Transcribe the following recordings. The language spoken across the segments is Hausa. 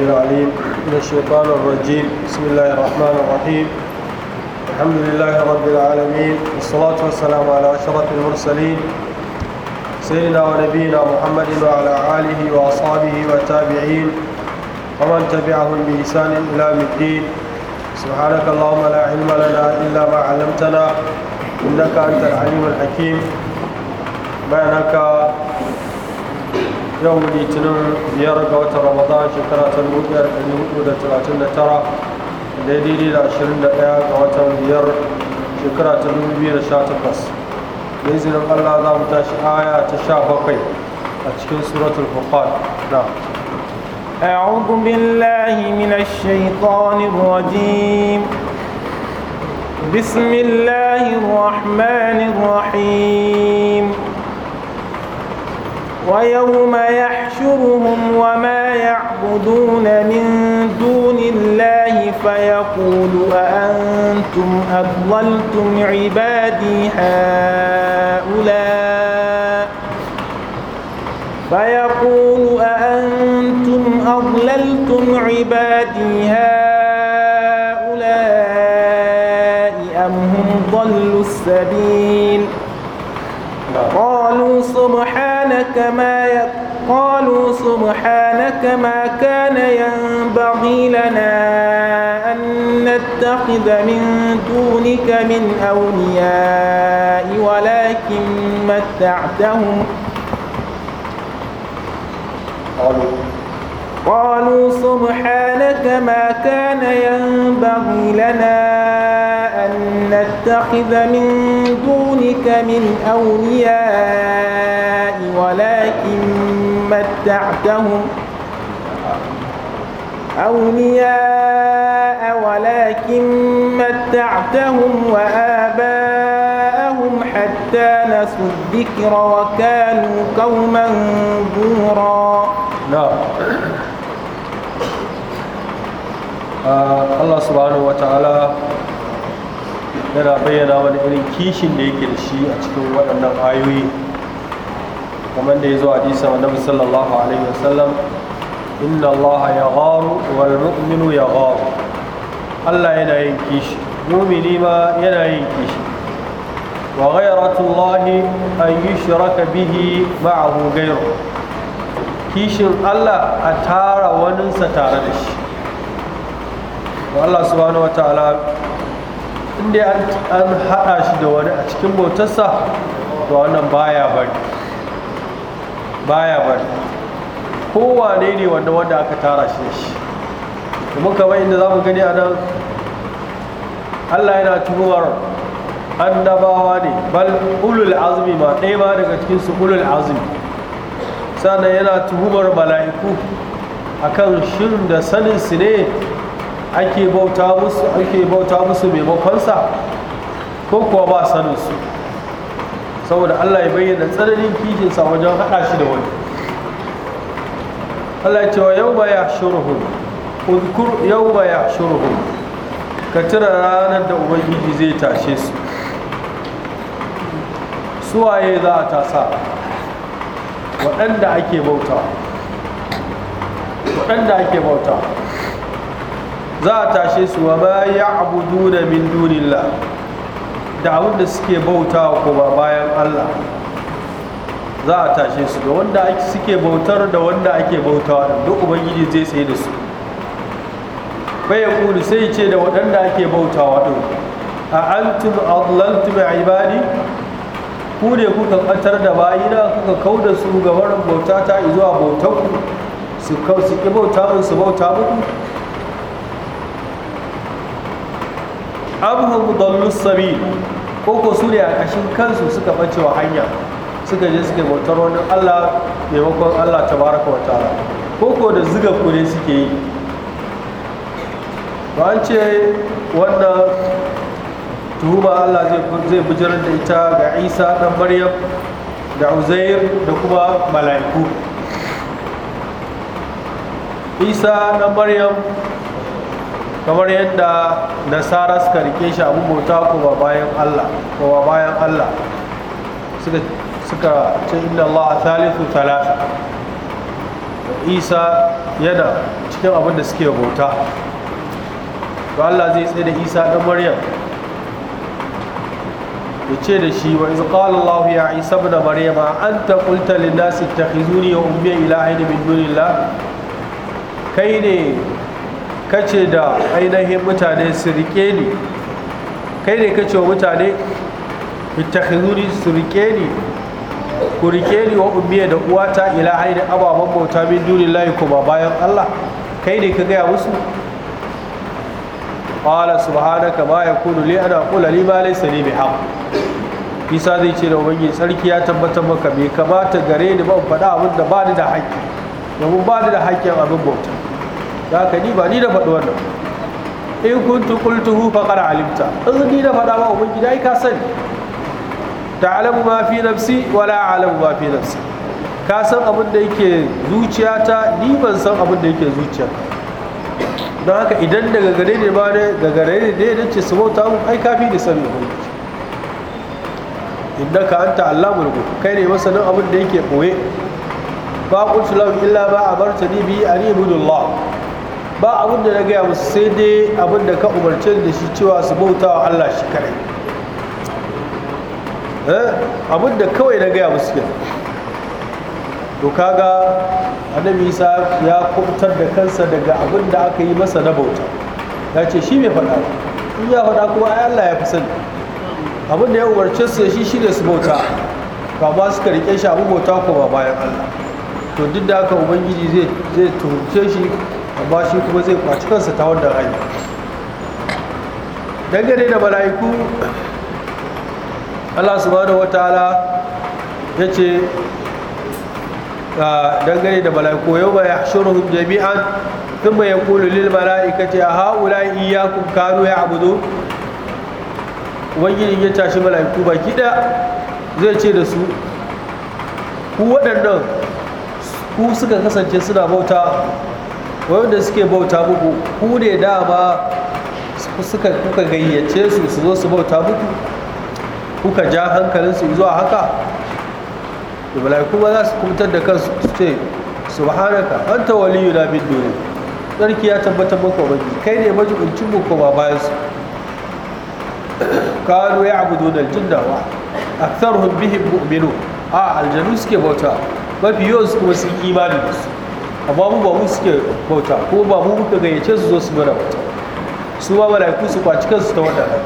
العليم من الشيطان الرجيم بسم الله الرحمن الرحيم الحمد لله رب العالمين والصلاة والسلام على أشرف المرسلين سيدنا ونبينا محمد وعلى آله وأصحابه والتابعين ومن تبعهم بإحسان إلى الدين سبحانك اللهم لا علم لنا إلا ما علمتنا إنك أنت العليم الحكيم بينك يوم الاثنين يرجع رمضان شكرة المدة المدة تلاتين ترى دليل إلى عشرين دقيقة وتر ير شكرة المبين شات بس بإذن الله ذا متش آية تشافقي أتكون سورة الفقار نعم أعوذ بالله من الشيطان الرجيم بسم الله الرحمن الرحيم ويوم يحشرهم وما يعبدون من دون الله فيقول أأنتم أضللتم عبادي هؤلاء فيقول أأنتم أضللتم عبادي هؤلاء أم هم ضلوا السبيل قالوا سبحان سبحانك ما قالوا سبحانك ما كان ينبغي لنا أن نتخذ من دونك من أولياء ولكن متعتهم قالوا قالوا سبحانك ما كان ينبغي لنا أن نتخذ من دونك من أولياء ولكن متعتهم أولياء ولكن متعتهم وآباءهم حتى نسوا الذكر وكانوا قوما بورا نعم آه، الله سبحانه وتعالى yana bayyana wani irin kishin da yake da shi a cikin waɗannan ayoyi kamar da ya zo hadisin annabi sallallahu alaihi wasallam wa ghayratu Allah an bihi ma'ahu kishin Allah a tara waninsa tare da inda an haɗa shi da wani a cikin baya bari baya bari kowane ne wanda wanda aka tara shi da shi domin kamar inda za mu gani a nan allah yana tuhumar annabawa ne bal ulul azumi ma ɗaya ma daga cikinsu ulul azumi sannan yana tuhumar mala'iku kan shirin da saninsu ne ake bauta musu maimakonsa ko kuwa ba saninsu saboda Allah ya bayyana tsananin kishinsa wajen haɗa shi da wani Allah ya ce wa yau ba ya shuruhun uzkur yau ba ya shuruhun ka tira ranar da ubangiji zai tashe su suwaye za a tasa waɗanda ake bauta waɗanda ake bauta za a tashe su wa ba ya abu duna min dunillah da abinda suke bauta ko ba bayan Allah za a tashe su da wanda suke bautar da wanda ake bautawa da duk ubangiji zai sai da su bai ya kuli sai ce da waɗanda ake bautawa ɗin a antum adlaltum ibadi ku ne kuka ɓatar da bayina kuka kau da su gabarin bauta ta zuwa ku su ƙi bauta mun su bauta muku am hum dallu sabil Koko su ne a kashin kansu suka wa hanya suka je suka bautar wani allah maimakon allah ta wa ta'ala koko da ziga kure suke yi ba an ce wannan tuhuma allah zai bujirar da ita ga isa dan maryam da uzair da kuma mala'iku isa dan maryam kamar yadda nasara suka rike shi abin bauta kuma bayan allah kuma bayan allah suka suka ce inna allah thalithu thalatha isa yana cikin abin da suke bauta to allah zai tsaye da isa dan maryam ya ce da shi wa izqala allah ya isa ibn maryama anta qulta lin nasi ittakhizuni wa ummi ilahin min dunillah kai ne kace da ainihin mutane su rike ni kai ne kace wa mutane ittakhizuni su rike ni ku rike ni wa ummiya da uwata ila haini ababen bauta min dunillahi kuma bayan Allah kai ne ka gaya musu qala subhanaka ma yakunu li an aqula ma laysa li bihaq Isa zai ce da ubangiji sarki ya tabbatar maka bai kamata gare ni ba in faɗa abin da ba ni da haƙƙi domin ba ni da haƙƙin abin bauta da ka ni ba ni da faɗi wannan in kuntu qultuhu faqad alimta in ni da faɗa ba gida yi ka sani ta'lamu ma fi nafsi wa la a'lamu ma fi nafsi ka san abin da yake zuciyata ni ban san abin da yake zuciya don haka idan daga gare ne ba ne daga gare ne dai nace su bauta mu ai kafi da sani Inda ka anta allamul ghuyub kai ne masanin abin da yake koye ba qultu lahu illa ba abartani bi an ibudullah ba abin da na gaya musu sai dai abin da ka umarce da shi cewa su bauta wa Allah shi kare eh, abin da kawai na gaya musu kenan to kaga annabi isa ya kubutar da kansa daga abin da aka yi masa na bauta ya ce shi mai faɗa in ya faɗa kuma ai Allah ya fi sani abin da ya umarce su da shi ne su bauta ba ba suka karike shi abin bauta ko ba bayan Allah to duk da haka ubangiji zai zai tuhumce shi amma shi kuma zai kwaci kansa ta wannan hanya dangane da mala'iku allah subhanahu wataala ya ce ah, dangane da mala'iku yau mai hashuruhum jami'an lil يقول ce a haula iya kun kano ya tashi mala'iku baki ɗaya zai ce da su ku waɗannan ku suka kasance suna bauta wanda suke bauta muku ku ne dama suka kuka gayyace su su zo su bauta muku kuka ja su zuwa haka da mala'iku ba za su kubutar da kansu su ce subhanaka anta waliyuna min duni sarki ya tabbatar maka wani kai ne majibincin mu kuma bayan su kanu ya abudu da jinda wa aktharuhum bihim mu'minu a aljanu suke bauta mafi yawan su kuma sun imani da su A babu babu suke bauta ko ba mu muka gayyace su zo su mana bauta su ba mala'iku su kwaci kansu ta wadannan?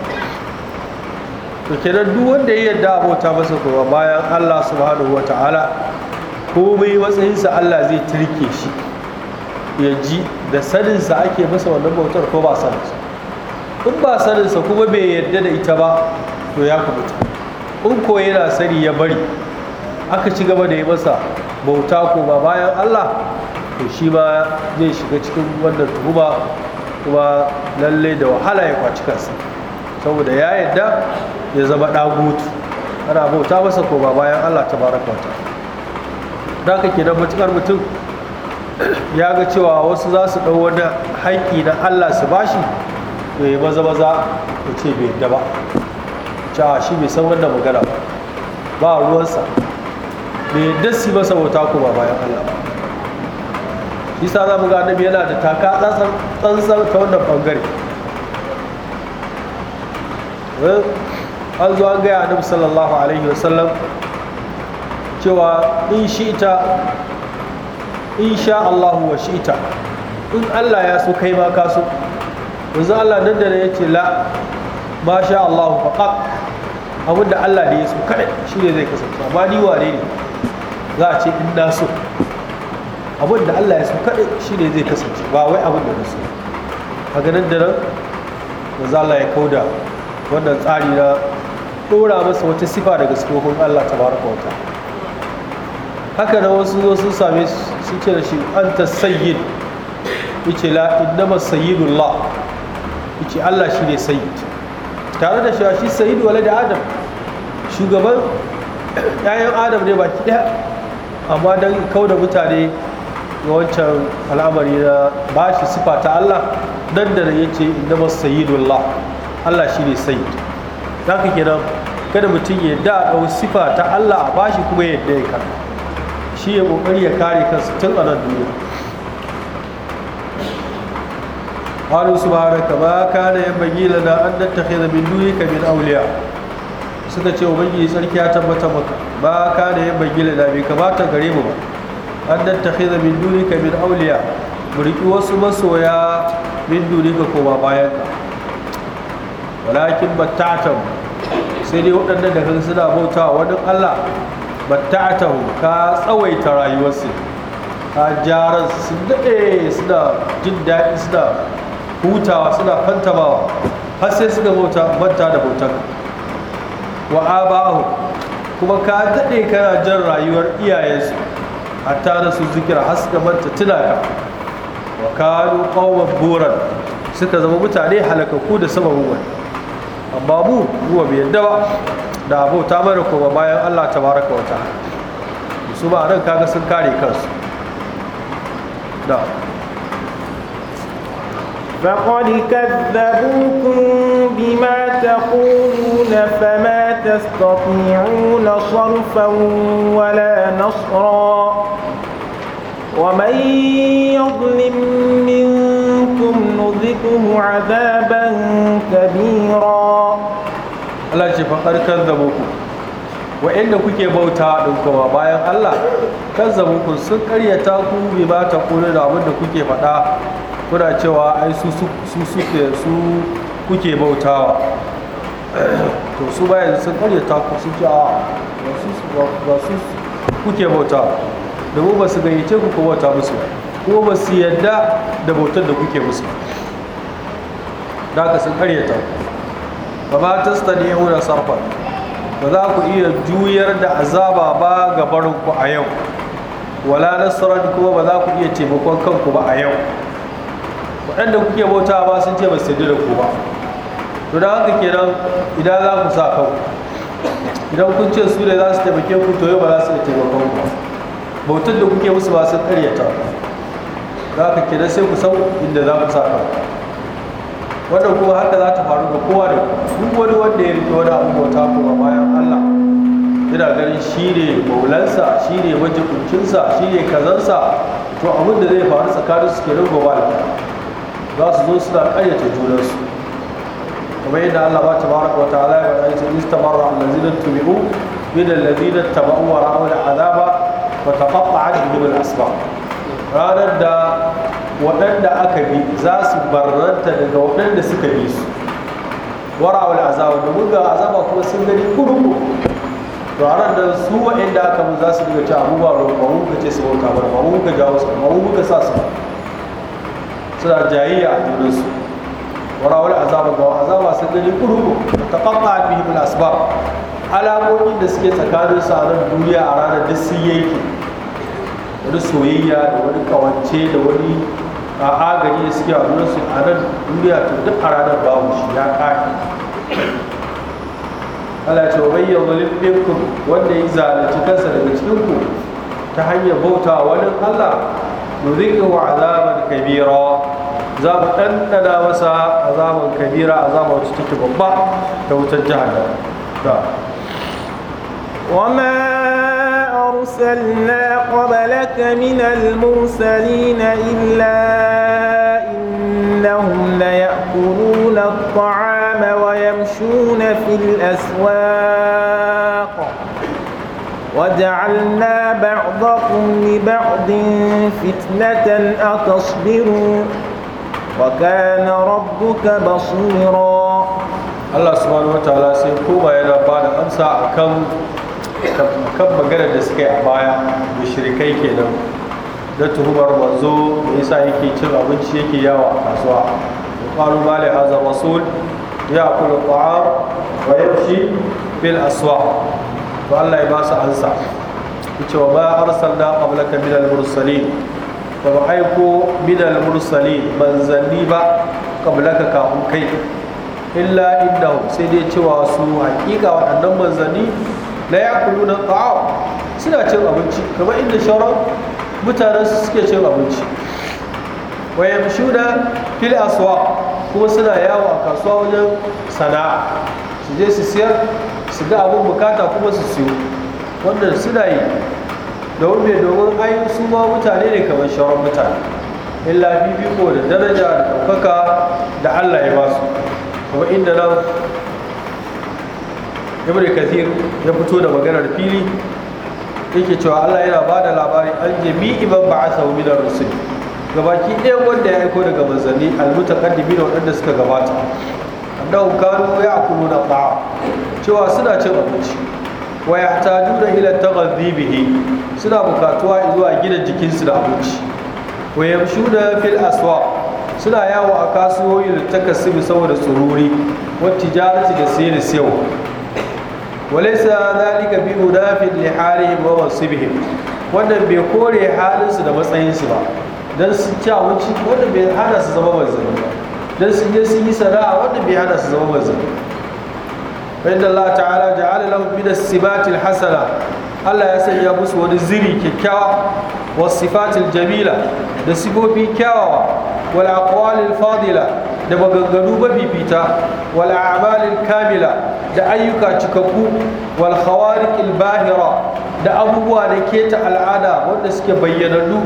to kenan duk wanda ya yarda abota masa kuma bayan Allah subhanahu wata'ala komai matsayinsa Allah zai turke shi ya ji da saninsa ake masa wannan bautar ko ba saninsa in ba saninsa kuma bai yarda da ita ba to ya kubuta in ko yana sani ya bari aka ci gaba da yi masa bauta ko ba bayan Allah to shi ba zai shiga cikin wannan tuhuma kuma lalle da wahala ya kwaci kansa saboda ya yadda ya zama ɗagutu ana bauta masa ko ba bayan allah ta bara kwata da ka kenan matukar mutum ya ga cewa wasu za su ɗau wani haƙƙi na allah su bashi to ya maza maza ya ce bai yadda ba cewa shi bai san wanda magana ba ba ruwansa bai yadda su masa bauta ko ba bayan allah ba isa za mu ga annabi yana da taka tsantsan ta wannan bangare eh, an zo an gaya annabi sallallahu alaihi wasallam cewa in shi'ita in sha Allahu wa ita in Allah ya so kai ma ka so yanzu Allah nan da ya ce la ma sha Allahu faqat abinda Allah da ya so kadai shi ne zai kasance amma ni wane ne za a ce in na so abin da Allah ya su kaɗai shi ne zai kasance ba wai abin da nasu A ganin da nan za Allah ya kauda wannan tsari na ɗora masa wata sifa daga sifofin Allah ta baraka wata. haka na wasu zo sun same su ce da shi an ta sayyid yace la innama sayyidullah yace Allah shine sayyid tare da shi sayyid wale da adam shugaban ƴaƴan adam ne baki ɗaya amma don kau da mutane wancan al'amari na ba shi sifa ta Allah nan da ya ce ba sayyidullah Allah shi ne sayyid ka kenan kada mutum ya da ɗau sifa ta Allah a ba shi kuma yadda ya kama? shi ya ƙoƙari ya kare kansa tun a nan duniya قالوا سبحانك ما كان an لنا ta نتخذ من دونك من أولياء suka ce ubangiji sarki ya tabbata maka ba ka da yin bagila da bai kamata gare mu ba an tattakhidha min dunika min awliya mu riki wasu masoya min dunika ko ba bayan ka walakin batta'tum sai dai waɗannan da kan suna bauta wani Allah batta'tum ka tsawaita rayuwarsu ka jaran su daɗe suna jin daɗi suna hutawa suna fantabawa har sai suka bauta banta da bautar wa aba'ahu kuma ka daɗe kana jin rayuwar iyayensu hatta da su zikira haska manta tunaka wa kanu qawman buran suka zama mutane halakaku da sama wani amma mu ruwa bai yadda ba da ta mana kuma bayan Allah tabaraka wa ta'ala su ba ran kaga sun kare kansu da فقد كذبوكم بما تقولون فما تستطيعون صرفا ولا نصرا ومن يظلم منكم نذكه عذابا كبيرا الله يجب فقد كذبوكم وإن كنت بوتا لكم بايا الله كذبوكم سكريتاكم بما تقولون عبد كنت فتاه kuna cewa ai su suke su kuke bautawa to su bayan sun karye ta ku sun ce a ba su kuke bautawa da ba su gayyace ku ko bauta musu ko ba su yadda da bautar da kuke musu da ka sun karye ta ba ba ta stani wuna sarfa ba za ku iya juyar da azaba ba ga barinku a yau wala nasarar kuma ba za ku iya taimakon kanku ba a yau waɗanda kuke bauta ba sun ce ba su da ku ba to da haka kenan idan za ku sa kanku idan kun ce su ne za su taimake ku to yau ba za su da taimakon ku bautar da kuke musu ba sun karyata za ka kenan sai ku san inda za ku sa kanku wannan kuma haka za ta faru ga kowa da duk wani wanda ya rike wani abu bauta a bayan Allah yana ganin shi ne maulansa shi ne majikuncinsa shi ne kazansa to abin da zai faru tsakanin su ke nan gobe za su zo suna ƙayyata junansu kuma yadda Allah ba ta tabaraka wa ta'ala ya faɗa yace istamarra allazina tumi'u min allazina taba'u wa ra'u ta wa taqatta'at bihim al-asbab ranar da waɗanda aka bi za su barranta daga waɗanda suka bi su wara wal azaba da muga azaba kuma sun gani kurku to a ran da su waɗanda aka bi za su riga ta abubuwa ba mu ka ce su wanka ba mu ka jawo su ba mu ka sa su suna jayayya a junansu warawar azaba ba, azaba sun gani kurubu ta kafa bihim asbab alaƙoƙin da suke tsakanin su a nan duniya a ranar duk sun yanke wani soyayya da wani kawance da wani agaji da suke a junansu a nan duniya to duk a ranar babu shi ya ƙaƙi Allah ce wa bayyana wani wanda ya zalunci kansa daga cikinku ta hanyar bauta wani Allah wa عذابا كبيرا za أن ɗanɗana masa azaban kabira azaba wacce take babba ta wutar وما أرسلنا قبلك من المرسلين إلا إنهم ليأكلون الطعام ويمشون في الأسواق وجعلنا بعضكم لبعض فتنة أتصبرون وَكَانَ رَبُّكَ بَصِيرًا Allah subhanahu wa sai kuma yana ba da amsa a magana da suka a baya da shirikai ke nan da tuhumar manzo da isa yake cin abinci yake yawa a kasuwa da ƙwaru ba da haza rasul ya kula aswa ba Allah ya basu su ansa ita wa ba arsalna qablaka min al-mursalin ba ba aiko minal mursali manzanni ba kablaka kafin kai illa indahu sai dai cewa su hakika waɗannan manzanni la na ta'am suna cin abinci kamar inda shauran mutanen su suke cin abinci wa yamshuna fil aswa kuma suna yawo a kasuwa wajen sana'a su je su siyar su ga abin bukata kuma su siyo wannan suna yi domin mai domin ai su ma mutane ne kamar shawarar mutane illa bibiko da daraja da ɗaukaka da allah ya ba su kuma inda nan ibn kathir ya fito da maganar fili yake cewa allah yana ba da labari an jami'i man ba'asa min minar rusul gabaki ɗaya wanda ya aiko daga manzanni almutaqaddimi da waɗanda suka gabata annahu kanu na ta'a cewa suna cin abinci wa yahtajuna ila taghadhi bihi suna bukatuwa zuwa gidan jikinsu da abinci wa yamshuna fil aswaq suna yawo a kasuwoyi da takasibi saboda tsururi wa tijarati da sayar da sayarwa وليس ذلك بمناف لحالهم ومنصبهم wannan bai kore su da matsayinsu ba don sun ci abinci wannan bai hana su zama manzanni ba don sun je sun yi sana'a wannan bai hana su zama manzanni فإن الله ta'ala ja'ala لهم من sibatil الحسنة Allah ya sanya musu wani ziri kyakkyawa wa sifatil jamila da sifofi kyawawa wal aqwalil fadila da maganganu mabibita wal a'malil kamila da ayyuka cikakku wal khawariqil bahira da abubuwa da keta al'ada wanda suke bayyanannu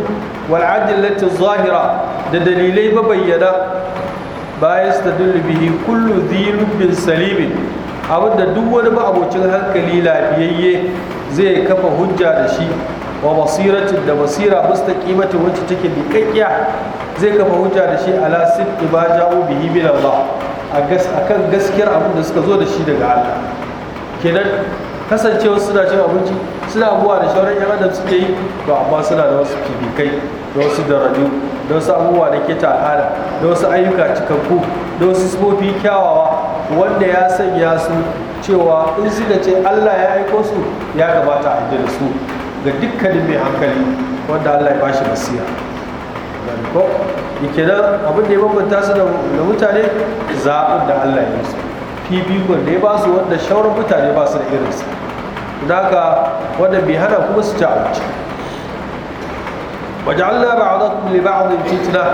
wal adillati zahira da dalilai mabayyana bayan su da bihi kullu dhilubin salimin abinda duk wani ma'abocin hankali lafiyayye zai kafa hujja da shi wa basiratin da basira mustaqimatin wacce take liƙaƙƙiya zai kafa hujja da shi ala sidqi ba ja'u bihi min Allah akan gaskiyar abin da suka zo da shi daga Allah kenan kasancewar suna cin abinci suna abubuwa da shawarar yan adam suke yi to amma suna da wasu kibikai da wasu daraju da wasu abubuwa da keta al'ada da wasu ayyuka cikakku da wasu sifofi kyawawa wanda ya sanya su cewa in suka ce Allah ya aiko su ya gabata a da su ga dukkanin mai hankali wanda Allah ya bashi basiya ko da abin da ya bambanta su da mutane zaɓin da Allah ya su fifikon da ya ba su wanda shawarar mutane ba su da irinsa da haka wanda bai hana kuma su ci abinci وجعلنا بعضكم a فتنة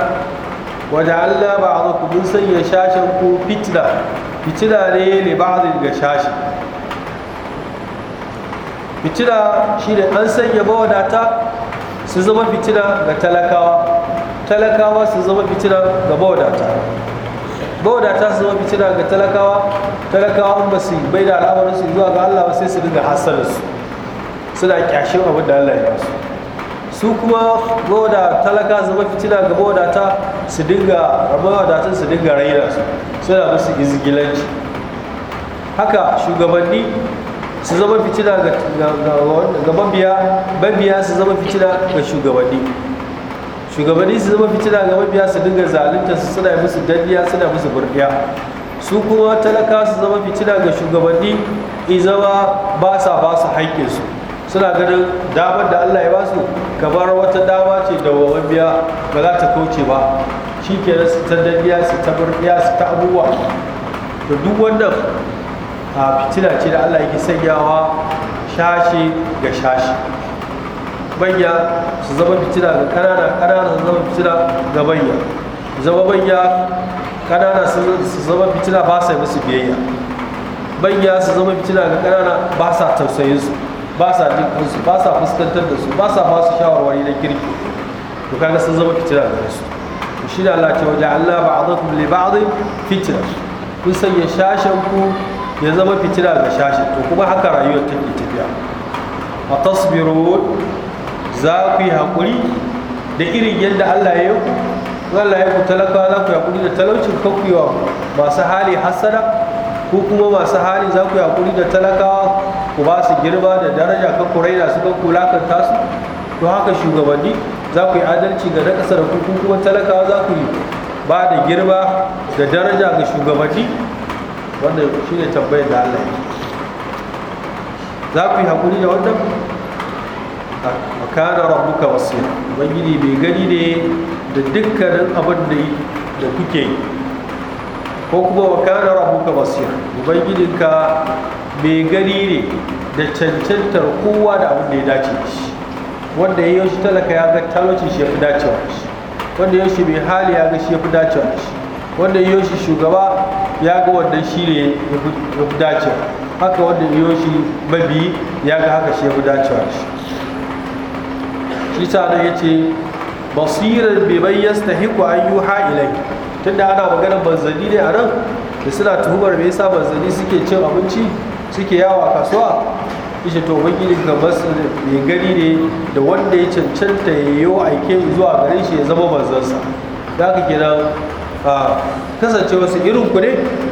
وجعلنا sanya من سيشاشا fitina? fitina ne libadin ga shashi fitina ne an sanya mawadata su zama fitina ga talakawa talakawa su zama fitina ga mawadata mawadata su zama fitina ga talakawa talakawa ba su bai da al'amarin su zuwa ga Allah ba sai su dinga hasalar su suna kyashin abin da Allah ya su su kuma mawada talaka zama fitina ga mawadata su dinga mawadatan su dinga raina su suna musu izgilanci haka shugabanni su zama fitina ga mabiya su zama fitina ga shugabanni shugabanni su zama fitina ga mabiya su dinga zalunta su suna musu danniya suna musu burdiya su kuma talaka su zama fitina ga shugabanni izama ba sa ba su haƙƙinsu suna ganin damar da allah ya ba su kamar wata dama ce da biya ba za ta kauce ba shi ke su ta biya su ta birniya su ta abubuwa da duk wannan a fitina ce da allah yake sanyawa shashi ga shashi banya su zama fitina ga kanana kanana su zama fitina ga banya zama banya kanana su zama fitina ba sa musu biyayya banya su zama fitina ga kanana ba sa tausayin su ba sa jin kansu ba sa fuskantar da su ba sa ba su shawarwari na kirki to kaga sun zama fitina da su to shi da Allah ce waje Allah ba ba a zai fitna kun sanya shashen ku ya zama fitina ga shashen to kuma haka rayuwar take tafiya a tasbiru za ku yi hakuri da irin yadda Allah ya yi Allah ya ku talaka za ku yi hakuri da talaucin kakuyawa masu hali hasada ko kuma masu hali za ku yi hakuri da talakawa ku ba su girma da daraja ka kurai da su ka kulakanta su to haka shugabanni za ku yi adalci ga na kasar da kuku kuma talakawa za ku yi ba da girma da daraja ga shugabanni wannan shi ne tambayar da Allah za ku yi haƙuri da wannan makana rabbuka wasu ubangiji bai gani ne da dukkanin abin da kuke yi ko kuma wa makana rabbuka wasiya ubangijinka mai gani ne da cancantar kowa da abin da ya dace da shi wanda ya yi talaka ya ga talocin shi ya fi dacewa da shi wanda ya shi mai hali ya ga shi ya fi dacewa da shi wanda ya shi shugaba ya ga wannan shi ne ya fi dacewa haka wanda ya shi mabi ya ga haka shi ya fi dacewa da shi shi sa ya ce basirar bai bayyasta tahiku an yi ha'ilai tunda ana maganar banzani ne a nan da suna tuhumar me yasa banzani suke cin abinci suke yawa kasuwa ishe to ubangiji ga gari ne da wanda ya cancanta ya yi aike zuwa garin shi ya zama manzansa da haka kenan kasance wasu irin ku ne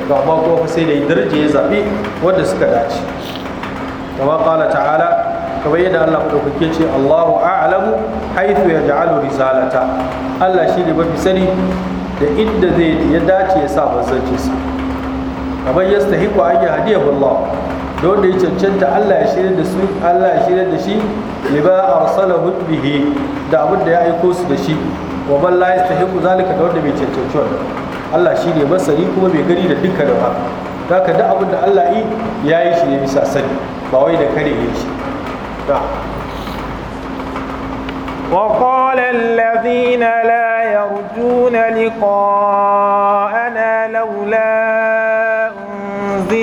ga amma kuma sai da daraja ya zaɓi wanda suka dace kama kala ta'ala kamar yadda Allah madaukake ce Allahu a'lamu haythu yaj'alu risalata Allah shi ne mafi sani da inda zai ya dace ya sa sa. kamar yastahiqu an yahdiyahu Allah don da ya cancanta Allah ya shirye da su Allah ya shirye da shi liba arsalahu bihi da abin da ya aika su da shi wa man la yastahiqu zalika da wanda bai cancanta Allah shi ne masani kuma bai gari da dukkan haka haka duk abin da Allah yi ya yi shi ne bisa sani ba wai da kare ya shi وقال الذين لا يرجون لقاءنا لولا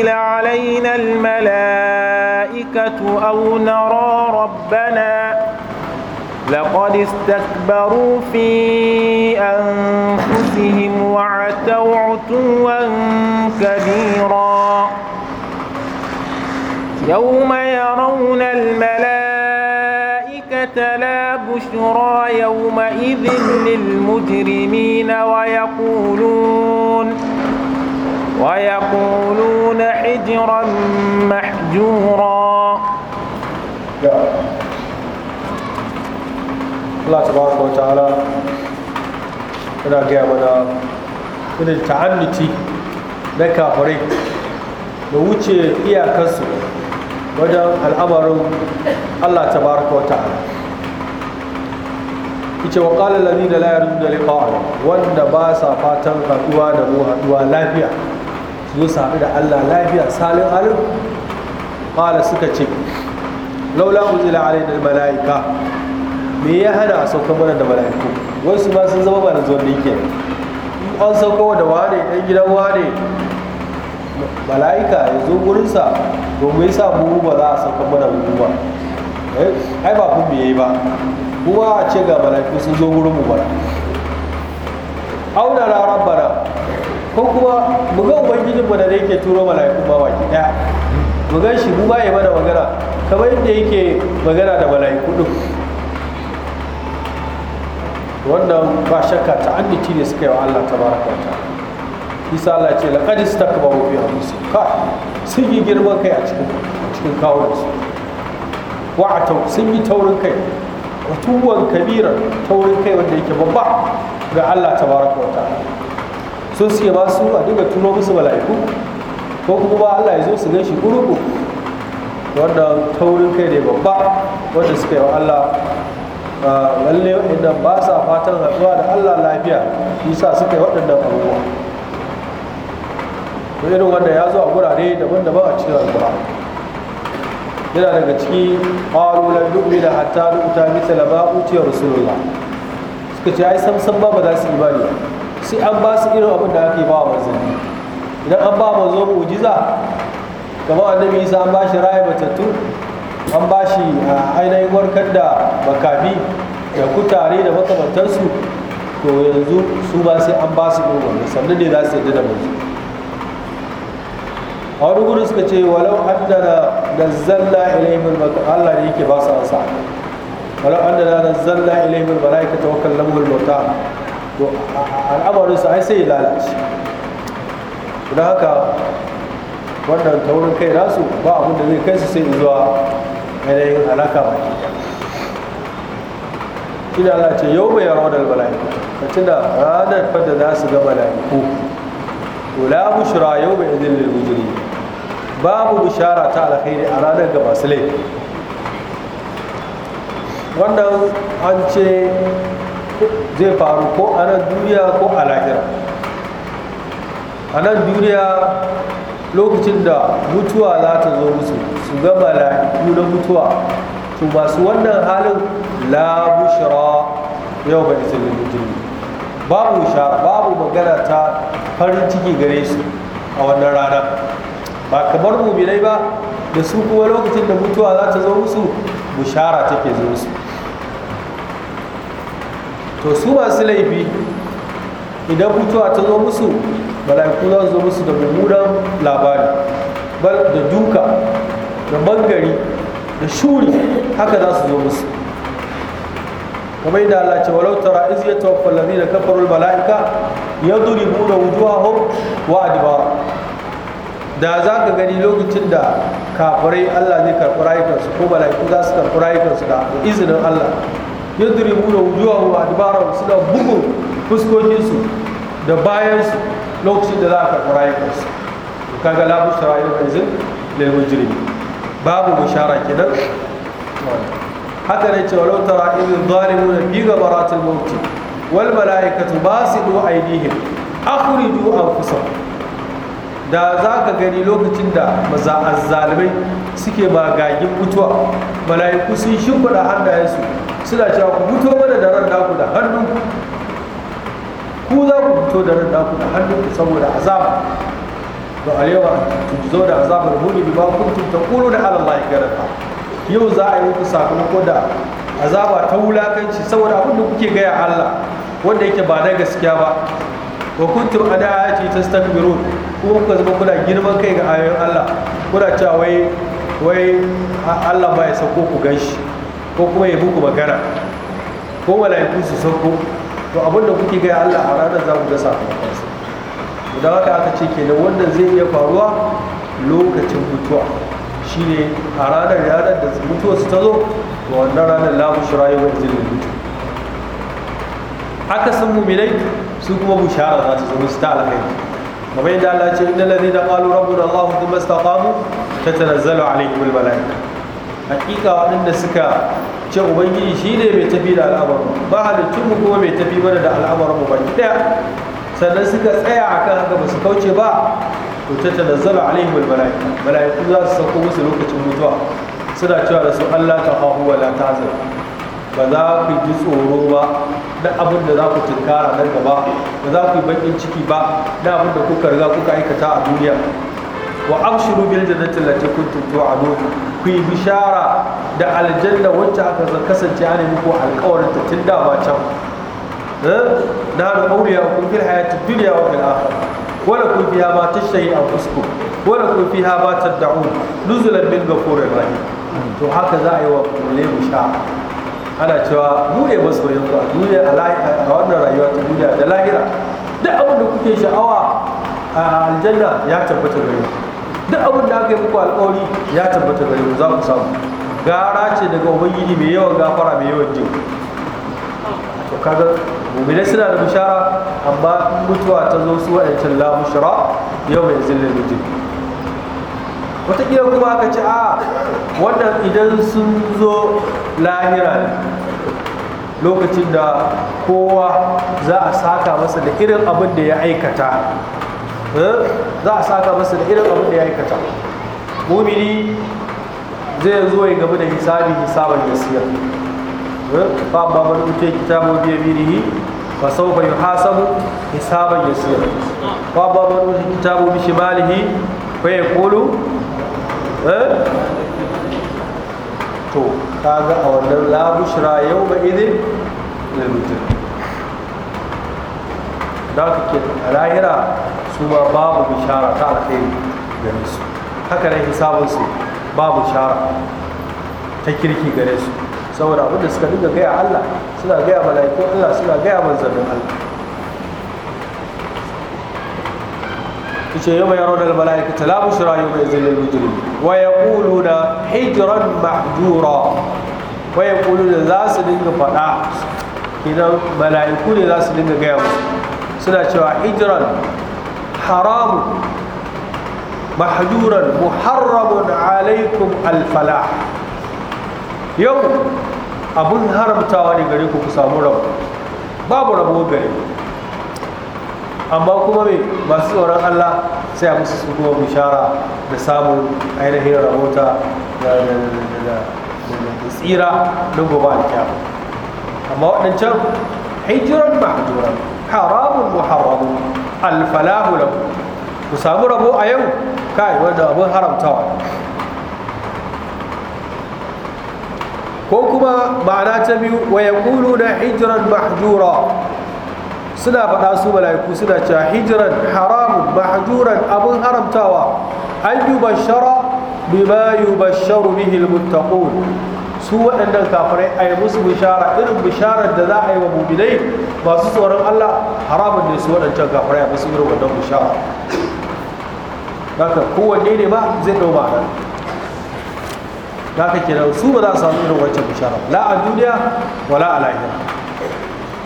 تنزل علينا الملائكة أو نرى ربنا لقد استكبروا في أنفسهم وعتوا عتوا كبيرا يوم يرون الملائكة لا بشرى يومئذ للمجرمين ويقولون ويقولون حجرا محجورا الله سبحانه وتعالى انا جاي من من التعنتي لك فريق لوجه هي كسر وجه الامر الله تبارك وتعالى ice wa qala alladhina la yarjuna liqa'a wanda ba sa fatan sun sami da Allah lafiya salin alif qala suka ce laula unzila alaina mala'ika. me ya hana a sauka mana da malaiku wasu ma sun zama manzanni kenan an sauko da wane ɗan gidan wane mala'ika ya zo gurinsa domin sa mu ba za a sauka mana mu ba eh, ai ba kun biye ba kuma a ce ga mala'iku sun zo gurin mu ba auna rabbana ko kuma mu ga ubangijin mu da yake turo mala'iku ba baki daya mu gan shi mu ba ya mana magana kamar yadda yake magana da mala'iku din wannan ba shakka ta'annici ne suka yi wa Allah tabaraka wa isa Allah ce laqad istakbaru fi anfusihim ka sun yi girman kai a cikin cikin kawunansu wa'atau sun yi taurin kai tuwan kabira taurin kai wanda yake babba ga Allah tabaraka wa ta'ala Sun siya ba su a dinga turo musu mala'iku ko kuma ba Allah ya zo su ganshi kuruku wanda taurin kai ne babba wanda suka yi wa Allah lalle idan ba sa fatan haɗuwa da Allah lafiya yasa suka yi waɗannan abubuwa ko irin wanda ya zo a gurare daban-daban a cikin alƙur'ani yana daga ciki ƙwaro dubbe da hatta rubuta mita laba utiyar rasulullah suka ce ai yi ba ba za su yi ba ne. sai an ba su irin abin da ake ba wa manzanni idan an ba manzo mu'jiza gaba annabi isa an ba shi raya matattu an ba shi ainihin warkar da makafi da kutare da makamantarsu to yanzu su ba sai an ba su irin wannan sannan ne za su yadda da manzo a wani gudun suka ce walau da nazzalna ilaihim Allah ne yake ba su ansa walau annana nazzalna ilaihim malaikata wa kallamul mota. to al'amarinsa ai sai ya lalace don haka wannan taurin kai nasu ba abin da zai kai su sai zuwa yanayin alaka ba shi Allah ce yau mai da albala'iku ka tuna ranar fadda za su ga to la bushra yau mai izin lilmujiri babu bushara ta alkhairi a ranar ga masu laifi wannan an ce zai faru ko a nan duniya ko a lahira a nan duniya lokacin da mutuwa za ta zo musu su ga mala'iku na mutuwa su masu wannan halin labushara yau ba isa lil babu sha babu magana ta farin ciki gare su a wannan rana ba kamar mu ba da su kuma lokacin da mutuwa za ta zo musu bushara take zo musu to su masu laifi idan mutuwa ta zo musu mala'iku za zo musu da mummunan labari bal da duka da bangari da shuri haka za su zo musu kamar yadda Allah ce walau tara iz yatawaffa alladhina kafaru almala'ika wujuwa hau wa adbara da za ka gani lokacin da kafirai Allah zai karɓi rayukansu ko mala'iku za su karɓi rayukansu da izinin Allah muna wujuhahum wa adbarahum suna bugun fuskokinsu da bayansu lokacin da za a karɓi rayukansu kaga la rayu ila izin lemu'n jirgin babu bushara kenan haka ne cewa law tara idh zalimuna fi baratun mawuti wal malaikatu basidu do an kusa da za ka gani lokacin da maza zalibai suke magagin mutuwa mala'iku sun shimfiɗa hannayensu suna cewa ku fito mana da ran daku da hannun ku za ku fito da ran daku da hannun ku saboda azaba to alewa ku zo da azaba da bi ba kuntum da ala allahi garata yau za a yi muku sakamako da azaba ta wulakanci saboda abin da kuke gaya Allah wanda yake ba na gaskiya ba wa kuntum ada ayati tastakbirun kuma kuka zama kuna girman kai ga ayoyin Allah kuna cewa wai wai Allah ba ya sauko ku gan ko kuma ya muku magana ko wala ya su sauko to abinda kuke gaya Allah a ranar za ku ga sakamakonsa da haka aka ce kenan wannan zai iya faruwa lokacin mutuwa shine a ranar ranar da mutuwa su ta zo to wannan ranar lafi shirayi wani zai mutu aka san muminai su kuma bushara za su zama su ta alkhairi kamar yadda Allah ce innal ladina qalu da Allah thumma istaqamu tatanazzalu a al malaika hakika waɗanda suka ce ubangiji shi ne mai tafi da al'amarin ba halittunmu kuma mai tafi mana da al'amarin mu baki ɗaya sannan suka tsaya a kan haka ba su kauce ba to ta tanazzala alaihim almalaiku malaiku za su sauko musu lokacin mutuwa suna cewa da su Allah ta hahu wa la ba za ku ji tsoro ba da abin da za ku tunkara nan gaba ba za ku yi bakin ciki ba da abin da kuka riga kuka aikata a duniya wa abshiru bil jannati allati kuntum tu'adun ku yi bishara da aljanna wacce aka kasance ne muku alkawarin ta tun da ba can eh? na da auliya kun fil hayati dunya wa fil akhirah wala kun fiha ma tashtahi anfusukum wala kun fiha ma tad'un nuzulan min ghafurir rahim to haka za a yi wa mu bishara ana cewa mu ne masoyan ku a duniya a wannan rayuwa ta duniya da lahira duk abin da kuke sha'awa a aljanna ya tabbatar da ku duk abin da aka yi muku alkawari ya tabbata gare mu za ku samu gara ce daga ubangiji mai yawan gafara mai yawan jin to kaga mu'minai suna da bishara amma mutuwa ta zo su wa'ancin la yau mai zillin mutum wataƙila kuma aka ce a wannan idan sun zo lahira ne lokacin da kowa za a saka masa da irin abin da ya aikata Eh? za a saka masa da irin abin da ya aikata mumini zai zo ya gaba da hisabi hisaban yasiya eh? fa kita mu biya kitabu yi ba sau sawfa hasabu hisaban yasiya fa Babban man kita kitabu bi shimalihi kwaye yaqulu eh? to ga a wannan labushira yau ba idin lil mutum da ke a lahira su babu bishara ta alkhairi gare su haka nan su babu shara ta kirki gare su saboda abin da suka dinga gaya Allah suna gaya malaiko Allah suna gaya manzannin Allah يوم يرون الملائكة لا بشرى يوم يزل المجرم ويقولون حجرا محجورا ويقولون لا hijran mahjura كنا ملائكون za su dinga سنة kidan حجرا ne za su dinga gaya suna حرام محجورا محرم عليكم الفلاح يوم أبو الهرم تاواني غريكو كسامو رب بابو ربو غريكو أمباكو مامي بسي وران الله سي أبو سسوكو بشارة بسامو أين هي ربوتا سيرا نبو بان كام أما وقت نشر حجرا محجورا حرام محرم الفلاح له وسامر ابو ايو كاي ودا ابو حرم تاو كوكما معنا تبيو ويقولون حجرا محجورا سنا فدا سو ملائكو سنا تشا حجرا حرام محجورا ابو حرم تاو ايو بشر بما يبشر به المتقون su waɗannan kafirai a yi musu bishara irin bisharar da za a yi wa mubinai masu tsoron Allah haramun ne su waɗancan kafirai a musu irin wannan bishara haka kowanne ne ba zai ɗau ma'ana ke nan su ba za su samu irin wancan bishara la a duniya la a lahira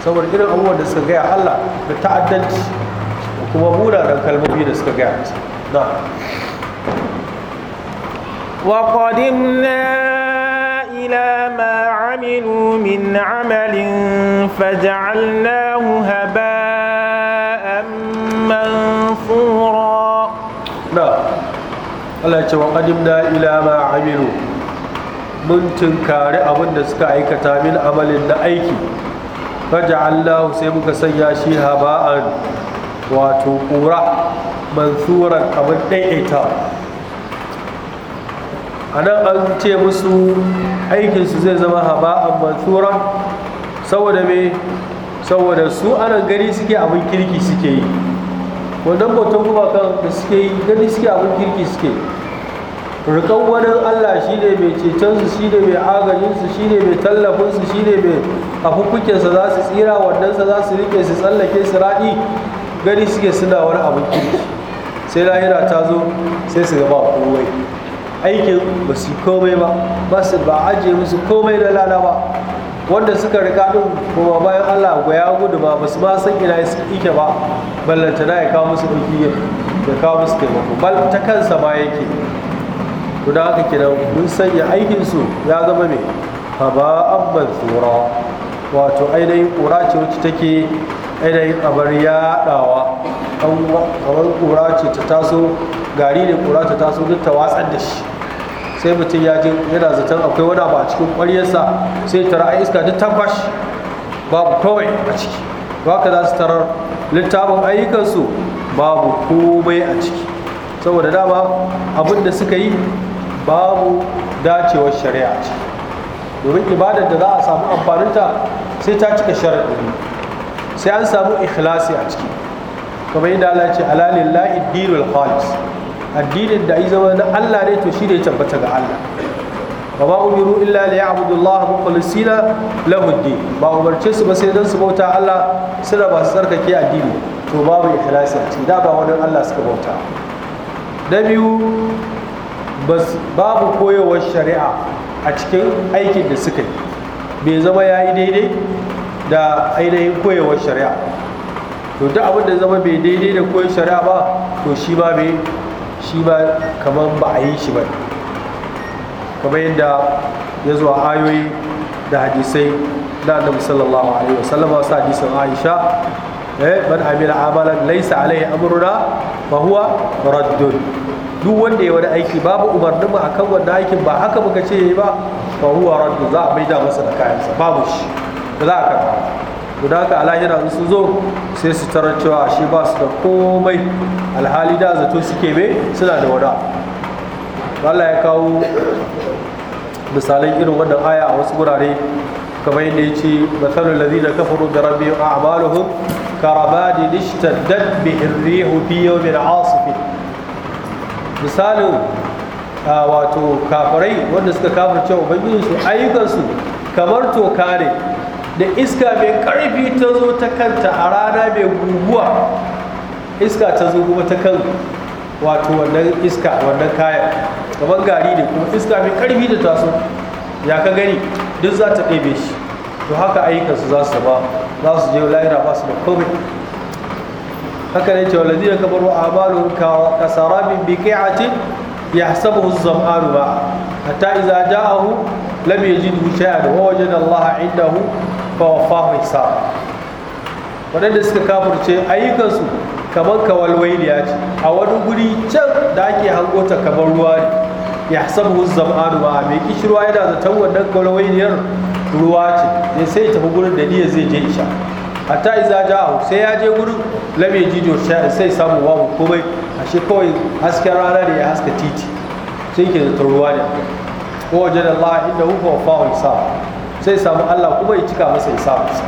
saboda irin abubuwan da suka gaya Allah da ta'addanci da kuma munanan kalmomi da suka gaya na وقدمنا إلى ما عملوا من عمل فجعلناه هباء منثورا نعم الله يقول وقدمنا إلى ما عملوا من تنكار أبن دسك أيكتا من عمل أيكي فجعلناه سيبك سياشي هباء وتقرأ منثورا أبن أيكتا a nan an ce musu aikinsu zai zama haba'an mansura saboda mai saboda su anan gani suke abin kirki suke yi wannan kuma kan da suke yi gani suke abin kirki suke rikan wani allah shi ne mai cecensu shi ne mai agajinsu shi ne mai tallafinsu shi ne mai afukukensa za su tsira wadansa za su rike su tsallake su raɗi gani suke suna wani abin kirki sai lahira ta zo sai su gaba kowai aikin ba su komai ba ba su ba ajiye musu komai da lada ba wanda suka rika din kuma bayan Allah ya gudu ba basu ma san ina ike ba ballanta na ya kawo musu ɗauki ya kawo musu taimako bal ta kansa ma yake to da haka kenan mun sanya aikin su ya zama mai haba abban tsoro wato ainihin ƙura ce wacce take yanayin abar dawa kamar kura ce ta taso gari ne kura ta taso duk ta watsar da shi sai mutum ya ji yana zaton akwai wani ba a cikin ƙwaryarsa sai tara a iska duk tabbash babu kawai a ciki ba ka za su tarar littafin ayyukansu babu komai a ciki saboda dama abin da suka yi babu dacewar shari'a ciki. domin ibadar da za a samu amfaninta sai ta cika shari'a sai an samu ikhlasi a ciki kamar yadda Allah ce ala lillahi dinul khalis addinin da zama na Allah ne to shi ne tabbata ga Allah wa ba umiru illa li ya'budu Allah mukhlisina lahu ad ba umarce su ba sai dan su bauta Allah suna ba su tsarkake addini to babu ikhlasi a ciki da ba wani Allah suka bauta na biyu babu koyowar shari'a a cikin aikin da suka yi bai zama ya yi daidai da ainihin koyewar shari'a to duk abin da zama bai daidai da koyar shari'a ba to shi ba bai shi ba kamar ba a yi shi ba kamar yadda ya zuwa ayoyi da hadisai na da musallallahu alaihi sallama wasu hadisin aisha eh ban amila amalan laysa alaihi amruna fa huwa raddun duk wanda ya wani aiki babu umarnin mu akan wannan aikin ba haka muka ce ba fa huwa raddun za a da masa da kayansa babu shi ba za a karɓa guda ka alahira su zo sai su tarar cewa shi ba su da komai alhali da zato suke mai suna da wada Allah ya kawo misalai irin wannan aya a wasu wurare kamar yadda ya ce matsalar lalzina kafaru da rabbi a amaluhum karabadi nishtaddat bihin rihu fi yawmin asifin misalin wato kafarai wanda suka kafirce ubangijinsu ayyukansu kamar toka ne da iska mai ƙarfi ta zo ta kanta a rana mai guguwa iska ta zo kuma ta kan wato wannan iska wannan kayan kamar gari ne kuma iska mai ƙarfi da taso ya ka gani duk za ta ɗebe shi to haka ayyukansu za su ba za su je lahira ba su da komai haka ne cewa ladina kamar wa amalu ka kasarabin ya saba wasu zama'aru ba hatta idza ja'ahu lam yajidhu shay'an wa wajada Allah 'indahu fawaffahun sa waɗanda suka kafurce ayyukansu kamar kawal wailiya ce a wani guri can da ake hangota kamar ruwa ne ya sabu zam'anu ba mai kishirwa yana da zaton wannan kawal wailiyar ruwa ce ne sai ya tafi gurin da niyya zai je isha hatta iza a sai ya je gurin lame jijo sai samu babu komai ashe kawai hasken rana ne ya haska titi sai ke zaton ruwa ne ko wajen Allah inda wa sai samu Allah kuma ya cika masa ya samu sa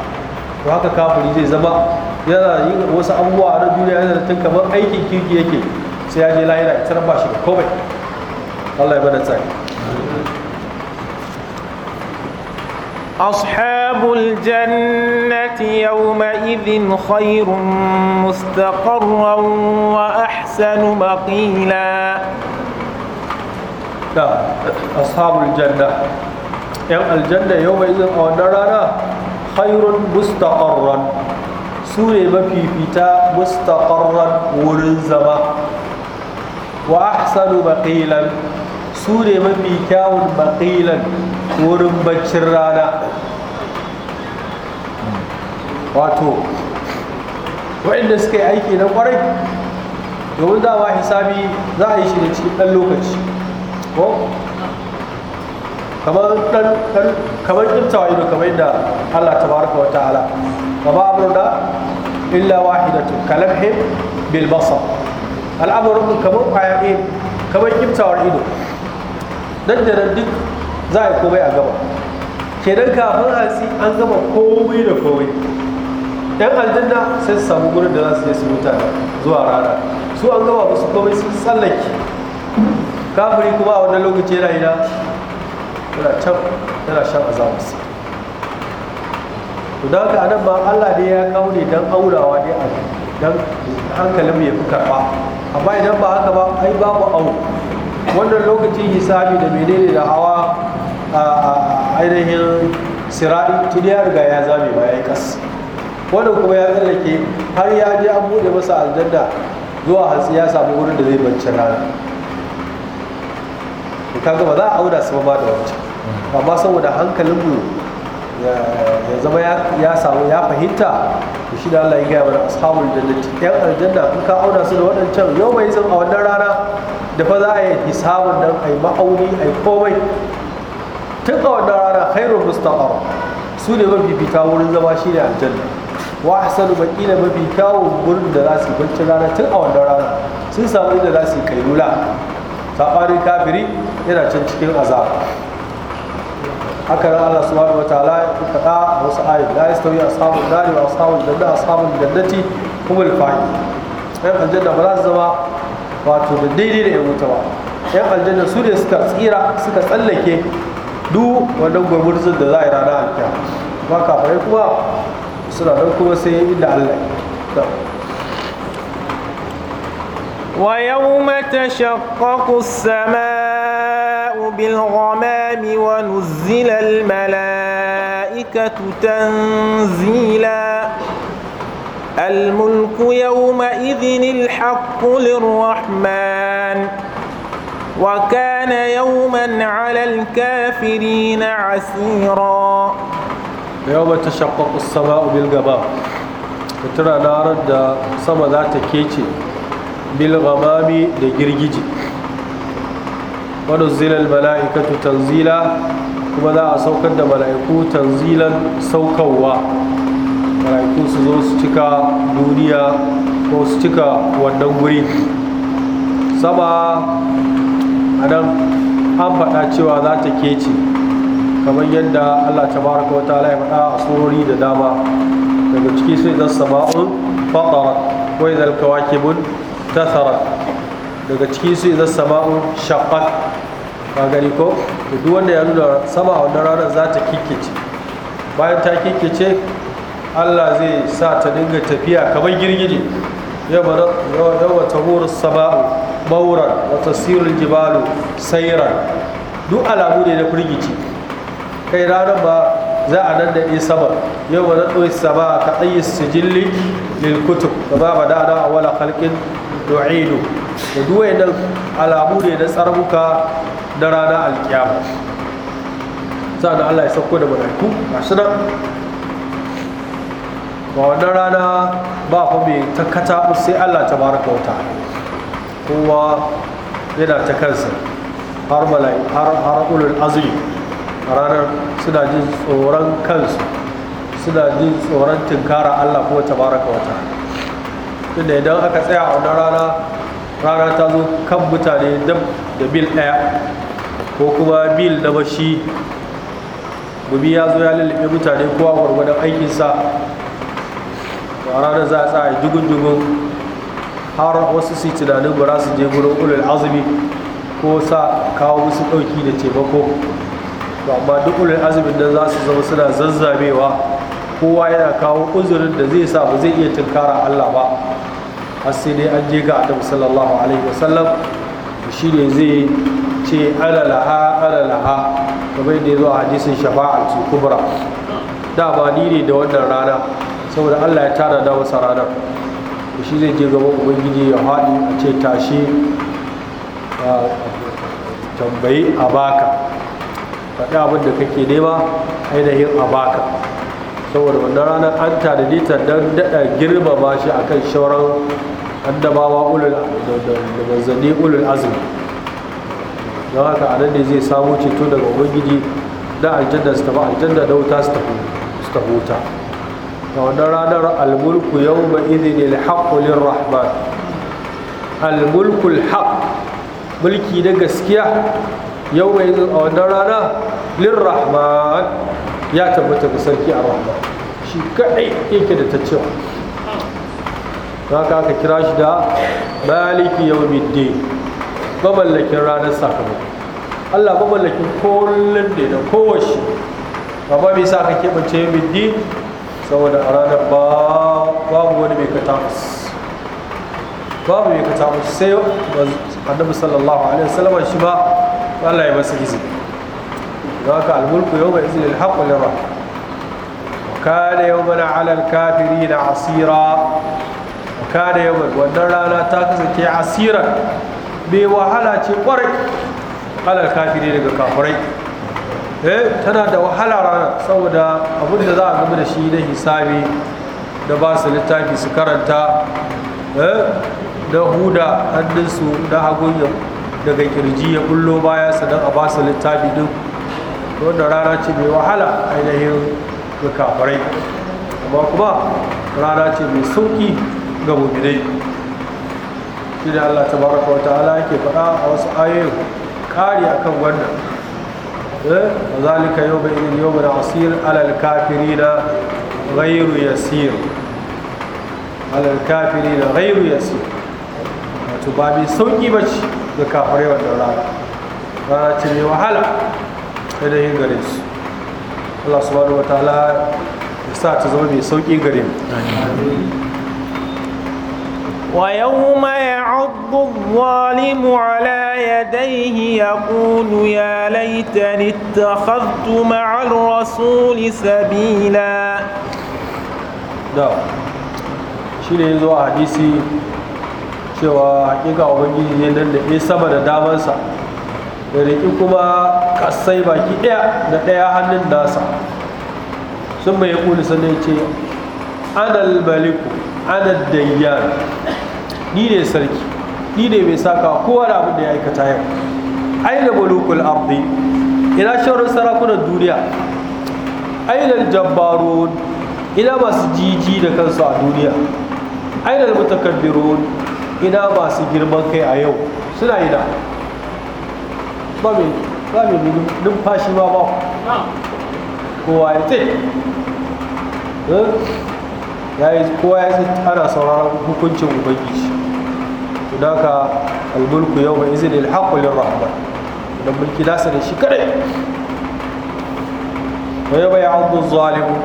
to haka kafiri zai zama yana yin wasu abubuwa na duniya yana da kamar aikin kirki yake sai ya je lahira ya tarba shi da komai Allah ya bada tsari أصحاب الجنة يومئذ خير مستقرا وأحسن مقيلا أصحاب الجنة yan aljanna yau mai izin a wannan rana hairun mustaqarran su ne mafifita mustaqarran wurin zama wa ahsanu maqilan su ne mafi kyawun maqilan wurin baccin rana wato waɗanda suka yi aiki na kwarai domin dawa hisabi za a yi shi da cikin ɗan lokaci kamar dan dan kamar ido kamar yadda Allah tabaraka wa ta'ala wa ba da illa wahidatu kalamhi bil basar al'amarin kamar kwaya ɗaya kamar kiftawar ido dan da duk za a yi komai a gaba kenan kafin hansi an gama komai da komai yan aljanna sai su samu gurin da za su je su huta zuwa rana su an gama musu komai sun tsallake kafiri kuma a wannan lokaci yana yana yana can yana shan to don haka nan ba Allah ne ya kawo ne don aurawa ne a don hankalin ya fi karɓa amma idan ba haka ba ai babu au wannan lokacin hisabi da menene da hawa a ainihin sirari tuni ya riga ya zame ba ya yi kas wannan kuma ya tsallake har ya je an buɗe masa aljanda zuwa hatsi ya samu wurin da zai bancin rana kaga ba za a auna su ba da wancan mm. amma saboda hankalinmu ya zama ya samu ya fahimta da shi da Allah ya gaya mana ashabul jannati yan aljanna in ka auna su da waɗancan yau mai zan a wannan rana da fa za a yi hisabun nan a yi ma'auni a yi komai tun a wannan rana khairu mustaqar su ne mafifita wurin zama shi ne aljanna wa ahsanu baqila mafi kyawun gurin da za su yi baccin rana tun a wannan rana sun samu inda za su yi kailula saɓanin kafiri yana can cikin azab haka Allah subhanahu wa ta'ala ya faɗa a wasu ayat la yastawi ashabul nari wa ashabul janna ashabul jannati kuma fa'iz ɗan aljanna ba za su zama wato da daidai da yan wuta ba ɗan aljanna su ne suka tsira suka tsallake duk wannan gwamnatin da za a yi rana a kiyama ba kafarai kuma suna nan kuma sai inda Allah ya ويوم تشقق السماء بالغمام ونزل الملائكة تنزيلا الملك يومئذ الحق للرحمن وكان يوما على الكافرين عسيرا يوم تشقق السماء بالغمام ترى نار السماء ذات كيتي bil da girgiji wadda mala'ikatu tanzila kuma za a saukar da mala'iku tanzilan saukawa mala'iku su zo su cika duniya ko su cika wannan guri sama a nan an faɗa cewa za ta kece kamar yadda allah ta wa ta'ala ya faɗa a tsorori da dama daga ciki sai zan sama'un faɗa ko idan kawakibun tathara daga cikin su idan sama'u shaqqat ba gani ko duk wanda ya nuna sama a wannan ranar za ta kikkice bayan ta kikkice Allah zai sa ta dinga tafiya kamar girgije yau ta tamuru sama'u mauran wa tasirul jibalu sairan duk alamu ne na firgici kai ranar ba za a nan da sama yau ba na ɗoyi sama ka ɗayi sijilli lilkutu da ba ba da a wala halkin yu'idu da duk da alamu ne na tsarbuka na rana alkiyama sa'an Allah ya sauko da malaiku gashi nan ba wannan rana ba fa mai takata sai Allah ta baraka wata kowa yana ta kansa har malai har har ulul azmi ranar suna jin tsoron kansu suna jin tsoron tinkara Allah ko tabaraka wata tunda idan aka tsaya a wannan rana rana ta zo kan mutane dab da bil ɗaya ko kuma bil da bashi gubi ya zo ya lullube mutane kowa gwargwadon aikinsa a ranar za a tsaya jugun-jugun har wasu su tunanin ba za su je gurin ulul azumi ko sa kawo musu ɗauki da taimako ba amma duk ulul azumin nan za su zama suna zazzabewa kowa yana kawo uzurin da zai sa ba zai iya tunkara Allah ba har sai dai an je ga Adam sallallahu alaihi wasallam shi ne zai ce alalaha alalaha kamar da ya zo a hadisin shafa'atu kubra da ba ni ne da wannan rana saboda Allah ya tara da wasa ranar shi zai je gaba ubangiji ya haɗi a ce tashi tambayi a baka faɗi abin da kake nema ainihin a baka saboda wannan rana an tanadi ta don daɗa girmama shi akan shauran annabawa da manzanni ulul azumi don haka a nan ne zai samu ceto daga ubangiji da aljanna su tafi aljanna da wuta su tafi wuta a wannan ranar almulku yau ba izini alhaƙulin rahman almulkul haƙ mulki na gaskiya yau mai a wannan rana lirrahman ya tabbata ga sarki a rahman shi kaɗai yake da ta cewa haka aka kira shi da maliki yau midde mamallakin ranar sakamako allah mamallakin kowallon da da kowace amma mai sa ka keɓance yau midde saboda a ranar babu wani mai musu babu mai musu sai annabi sallallahu alaihi wasallam shi ba Allah ya masa izini don haka almulku yau mai izinin haƙƙun lirra kana yau mana alal kafiri na asira kana yau mai wannan rana ta kasance asirar mai wahala ce ƙwarai alal kafiri daga kafirai eh tana da wahala rana saboda abin da za a gaba da shi na hisabi da ba su littafi su karanta eh da huda hannunsu da hagun yau daga kirji ya bullo baya sadan a ba su littafi duk wanda rana ce mai wahala ainihin ga kafarai amma kuma rana ce mai sauki ga mubinai shi da allah ta baraka wata ala yake faɗa a wasu ayoyin ƙari a kan wannan eh, zalika yau bai irin yau bai asir alal kafiri na ghairu yasir alal kafiri na ghairu yasir wato ba mai sauki ba ce da kafirai wanda rana rana ce mai wahala sai da yin gare su Allah subhanahu wata ala ya sa ta zama mai sauƙi gare mu ويوم يعض الظالم على يديه يقول يا ليتني اتخذت مع Sabila? Da shi ne يزوى hadisi. cewa hakika ubangiji ne lallabe sama da damansa da riki kuma kasai baki ɗaya da ɗaya hannun nasa sun bai kuli sannan ce anal maliku anal dayyan ni ne sarki ni ne mai saka kowa da abin da ya aikata yau aina mulukul ardi ina shawarar sarakunan duniya aina jabbarun ina masu jiji da kansu a duniya aina mutakabbirun ina ba su girman kai a yau suna yi ina ba mai numfashi ba ba kowa ya ce eh? kowa ya ce ana sauraron hukuncin ubangi tunaka albulku yau mai izini alhaƙulin rahman da mulki nasa da shi kadai bayan bayan abin zalibu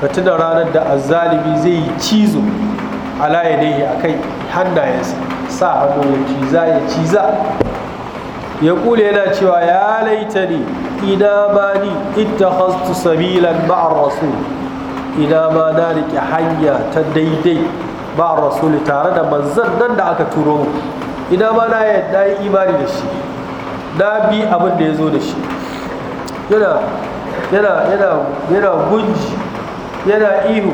ka tuna ranar da azalibi zai yi cizo alayyadai a kai hannayensa sa hannu ya ciza ya ciza ya kula yana cewa ya laita ne ina ma ni ita hastu sabilan ma'ar rasu ina ma na rike hanya ta daidai ma'ar rasul tare da manzan nan da aka turo mu ina ma na yadda yi imani da shi na bi abin da ya zo da shi yana gunji yana ihu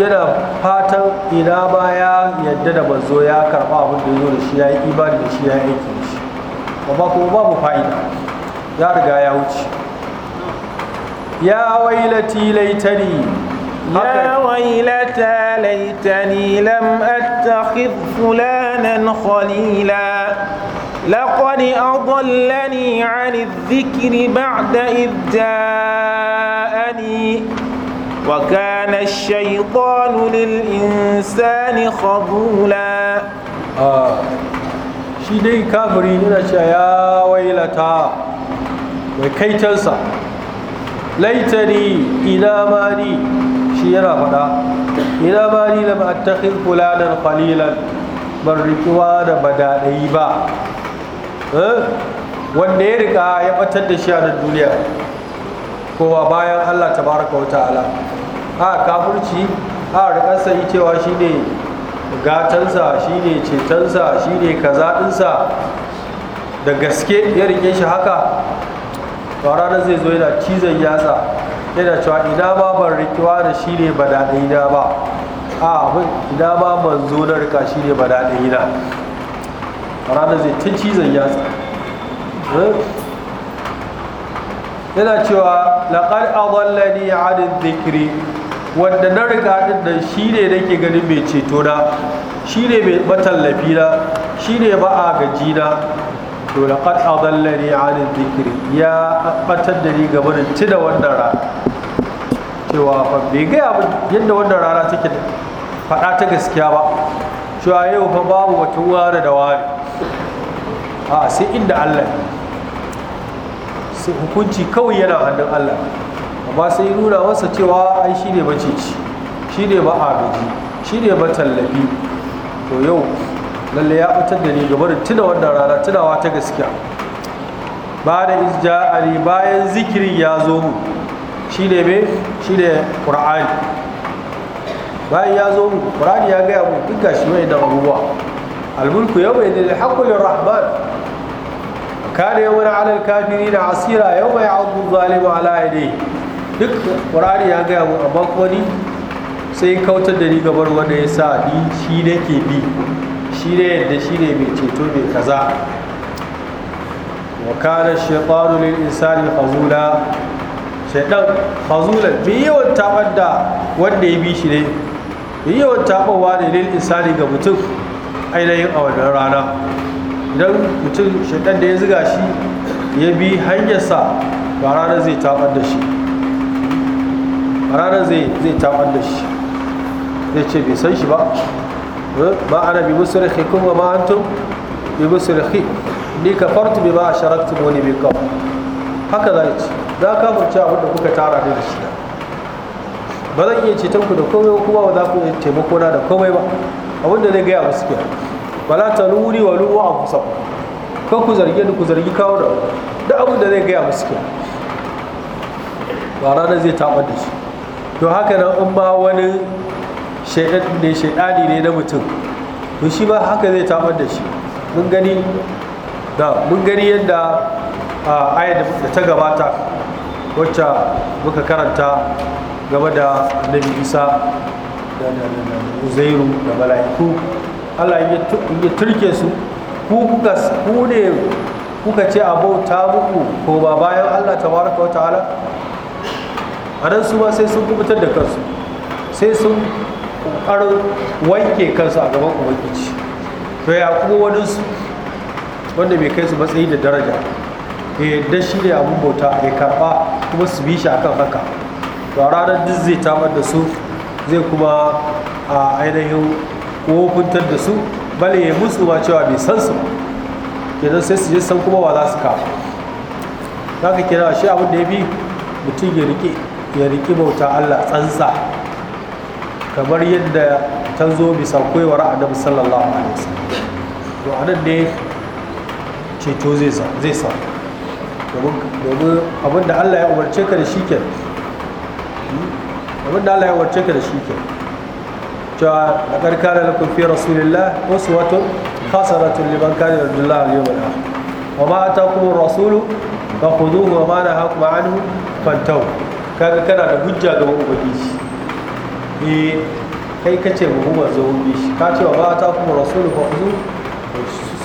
yana fatan ina ma ya yadda da manzo ya karɓa abin da ya da shi ya yi imani da shi ya yi aiki da shi amma kuma babu fa'ida ya riga ya wuce ya wailati laitani ya ويلتى ليتني لم أتخذ فلانا خليلا لقد أضلني عن الذكر بعد إذ جاءني وكان الشيطان للإنسان خذولا آه. shi dai kafiri yana cewa ya wailata mai kaitansa, laitani ina mani shi yana faɗa ina mani lam attakhid fulanan qalilan ban rikiwa da badadai ba wanda ya rika ya batar da shi a duniya kowa bayan Allah tabaraka wa ta'ala a kafurci a rikarsa yi cewa shi ne gatansa shi ne cetonsa shi ne kazaɗinsa da gaske ya rike shi haka ba ranar zai zo yana cizon yatsa yana cewa ina ma ban rikewa da shi ne ba daɗina ba a abin ina ma zo na rika shi ne ba daɗina ranar zai ta cizon yatsa eh? yana cewa laƙar adallani adin zikiri wanda na riga din nan shi ne nake ganin mai ceto na shi ne mai matallafi na shi ne ba a gaji na to da qad a an zikiri ya batar da ni gaba da tuna wannan rana cewa fa bai ba yadda wannan rana take faɗa ta gaskiya ba cewa yau fa babu wata ware da ware a sai inda Allah sai hukunci kawai yana hannun Allah amma sai nuna masa cewa ai shi ne ci shi ne ba ma'agaji shi ne ba tallafi. to yau lalle ya fitar da ni gaba da tuna wannan rana tunawa ta gaskiya ba da izja'ari bayan zikirin ya zo mu shi ne be shi ne ƙur'ani bayan ya zo mu ƙur'ani ya gaya mu duk gashi mai da abubuwa almulku yau mai da haƙulin rahman كان يوما على الكافرين عسيرا يوم يعض ala على يديه duk ƙurari ya gaya mun amma kuma sai kautar da ni gabar wanda ya sa ni shi ne ke bi shi ne yadda shi ne mai ceto mai kaza wa kana shaitanu lil insani hazula shaitan hazula bi yawan tabar da wanda ya bi shi ne bi yawan tabarwa ne lil insani ga mutum ainihin a wannan rana idan mutum shaitan da ya ziga shi ya bi hanyarsa ba ranar zai tabar da shi Rana ranar zai taɓar da shi ya ce bai san shi ba ba eh, ana bi musu rikhi kuma ma tun bi musu rikhi ni ka fartu bi ba a sharaktu wani bi kawo haka za ce za ka furci abin da kuka tara da shi ba zan iya ce tanku da komai kuma ba za ku iya taimako na da komai ba abin da zai gaya musu ke za ta luri wa luwa a kusa kan ku zargi ni ku zargi kawo da duk abin da zai gaya musu ke ba ranar zai taɓa da shi to haka nan in ma wani ne shaidani ne na mutum to shi ba haka zai tabar da shi mun gani da mun gani yadda ayyada da ta gabata wacce muka karanta game da annabi isa da uzairu da mala'iku allah ya turke su ku kuka ku ne kuka ce a bauta muku ko ba bayan allah ta wa ta'ala haransu ba su ma sai sun kubutar da kansu sai sun ƙarar wanke kansu a gaban ubangiji to ya kuma waninsu wanda bai kai su matsayi da daraja ya yadda shi ne abin bauta ya karɓa kuma su bi shi akan haka to a ranar duk zai tamar da su zai kuma a ainihin kofuntar da su bale ya musu ma cewa bai san su kenan sai su je san kuma ba za su kafa za ka kira shi abin da ya bi mutum ya rike ya riki bauta Allah tsantsa kamar yadda ta zo bisa koyewar annabi sallallahu alaihi wasallam to anan ne ceto zai sa zai sa domin abin da Allah ya umarce ka da shi ke hmm? abin da Allah ya umarce ka da shi ke cewa da karkara lakum fi rasulillah uswatun hasanatun liman da yarjullaha wal yawmal akhir wa ma kuma rasulu ma na نهاكم ma'anu fantau kaga kana da hujja ga shi eh kai ka ce mu zo shi ka ce wa ba ta kuma rasulu fa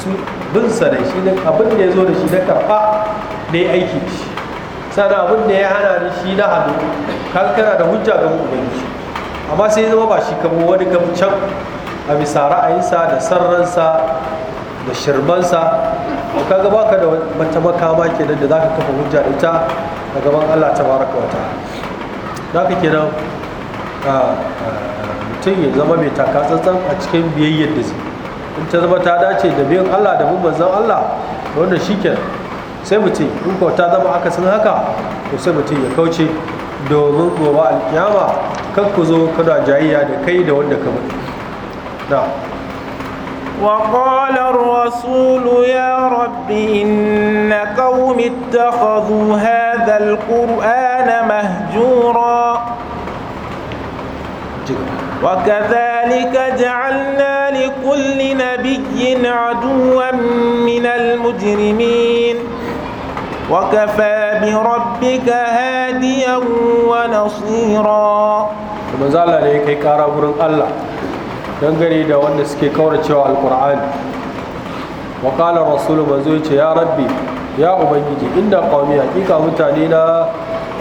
su bin sa da shi ne abin da ya zo da shi na karfa ne aiki shi sana abin da ya hana ni shi na hannu kaga kana da hujja ga shi amma sai zama ba shi kamo wani gamcan a bisa ra'ayinsa da sarransa da shirmansa ka ga baka da wata makama kenan da zaka kafa hujja da ita a gaban Allah ta baraka wata za ka kira mutum ya zama mai takatsantsan a cikin biyayyar da su in ta zama ta dace da biyan Allah da bin Allah wannan ke sai mutum in ko ta zama aka san haka to sai mutum ya kauce domin gobe alkiyama kan ku zo kada jayayya da kai da wanda ka mutu وقال الرسول يا رب إن قوم اتخذوا هذا القرآن مهجورا وكذلك جعلنا لكل نبي عدوا من المجرمين وكفى بربك هاديا ونصيرا ومن زال عليك كارا الله dangane da wanda suke kauracewa alkur'ani wakalar rasulu manzo ce ya rabbi ya ubangiji inda qawmi hakika mutane na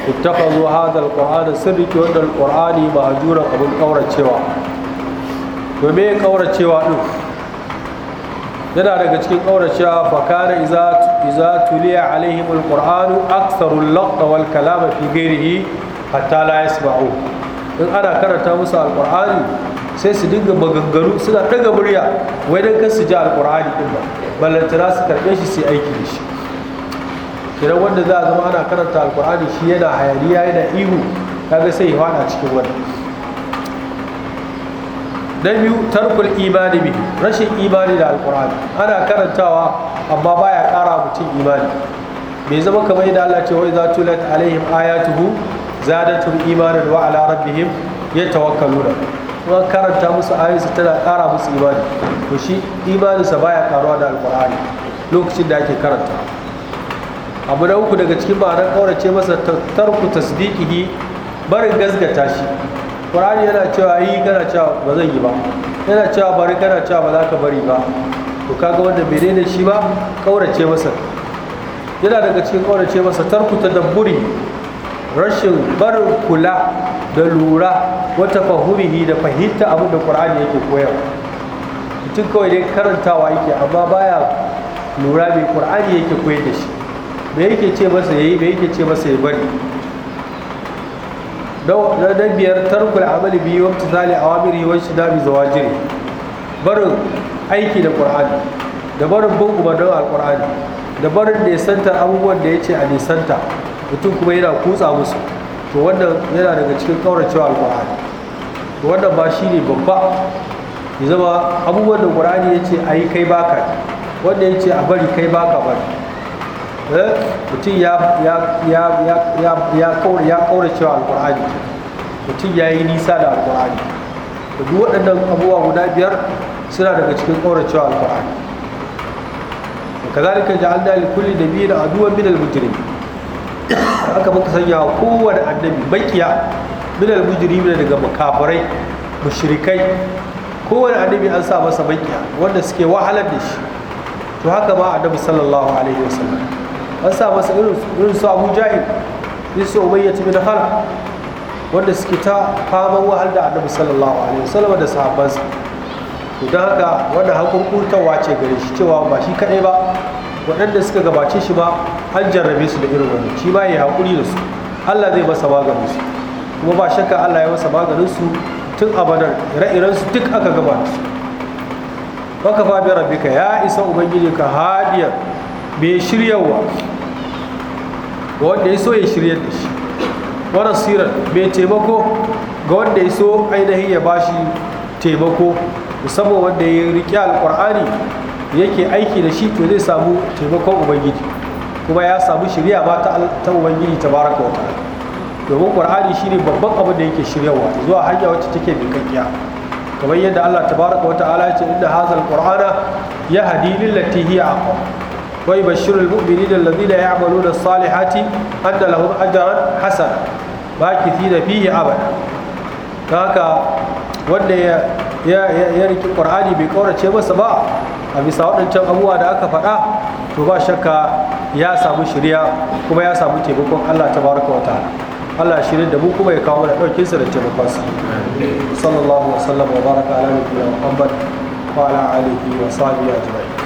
ittakhadhu hadha sun sirriki wanda a mahjuran abin kauracewa to kauracewa din yana daga cikin kauracewa fakara kana iza iza tuliya alaihim alqur'anu aktharu al wal kalama fi ghairihi hatta la yasma'u in ana karanta musu alkur'ani sai su dinga maganganu suna daga murya wai dan kan su ji alkur'ani din ba ballantana su karbe shi sai aiki da shi kiran wanda za a zama ana karanta alkur'ani shi yana hayaniya yana ihu kaga sai ya hada cikin wannan na biyu tarkul imani bi rashin imani da alkur'ani ana karantawa amma baya kara mutum imani bai zama kamar yadda Allah ce wai za tulat alaihim ayatuhu zadatum imanan wa ala rabbihim yatawakkaluna kuma karanta musu ayoyinsa tana ƙara musu imani to shi imaninsa baya karuwa da alƙur'ani lokacin da ake karanta abu na uku daga cikin ma'anar ƙaurace masa tarku tasdiqihi barin gasgata shi ƙur'ani yana cewa yi kana cewa ba zan yi ba yana cewa bari kana cewa ba za ka bari ba to kaga wanda menene shi ba ƙaurace masa yana daga cikin ƙaurace masa tarku tadabburi rashin barin kula da lura wata fahurihi da fahimta abin da ƙur'ani yake koyarwa mutum kawai dai karantawa yake amma baya lura mai ƙur'ani yake koyar da shi da yake ce masa yayi da yake ce masa ya bari na biyar tarkul amali biyu wata zali a wamiri wani shi dami zawajiri barin aiki da ƙur'ani da barin bin umarnin alƙur'ani da barin da ya santa abubuwan da ya ce a nisanta mutum kuma yana kutsa musu to wannan yana daga cikin kauracewa alkur'ani to wannan ba shi ne babba ya zama abubuwan da qur'ani ya ce a yi kai baka wanda ya ce a bari kai baka ba eh? mutum ya cewa alkur'ani mutum ya yi nisa da alkur'ani da duk waɗannan abubuwa guda biyar suna daga cikin kauracewa alkur'ani kazalika ja'alna li kulli nabiyyin aduwwan min al-mujrimin aka muka sanya wa kowane annabi makiya minal mujrimina daga makafarai mushrikai kowane annabi an sa masa bankiya wanda suke wahalar da shi to haka ma annabi sallallahu alaihi wasallam an sa masa irin su Abu Jahil irin su Umayyah bin Khalaf wanda suke ta faman wahal da annabi sallallahu alaihi wasallam da sahabbansa to da haka wannan hakurkurtawa ce gare shi cewa ba shi kadai ba waɗanda suka gabace shi ba an jarrabe su da irin wani shi ba ya haƙuri da su allah zai masa maganin su kuma ba shakka allah ya masa maganin su tun abadar ire-iren su duk aka gaba da su baka fa bi rabbika ya isa ubangiji ka hadiya mai shiryawa wanda ya so ya shirya da shi wa sirar mai taimako ga wanda ya so ainihin ya bashi taimako musamman wanda ya riƙe alƙur'ani yake aiki da shi to zai samu taimakon ubangiji kuma ya samu shirya ba ta ubangiji ta baraka wata domin shi shine babban abin da yake shiryawa zuwa hanya wacce take mikakkiya kamar yadda Allah tabaraka wa ta'ala ya ce inna hadhal qur'ana yahdi lillati hiya aqwam wa yubashshiru da alladhina ya'maluna as-salihati anna lahum ajran hasana bakithina fihi abada haka wanda ya ya riki qur'ani bai ƙaurace masa ba a bisa waɗancan abubuwa da aka faɗa to ba shakka ya samu shirya kuma ya samu taimakon Allah ta baraka wata Allah ya shirya da mu kuma ya kawo da ɗaukin sa da taimakon sa sallallahu alaihi wa sallam wa baraka ala nabiyina Muhammad wa ala alihi wa sahbihi ajma'in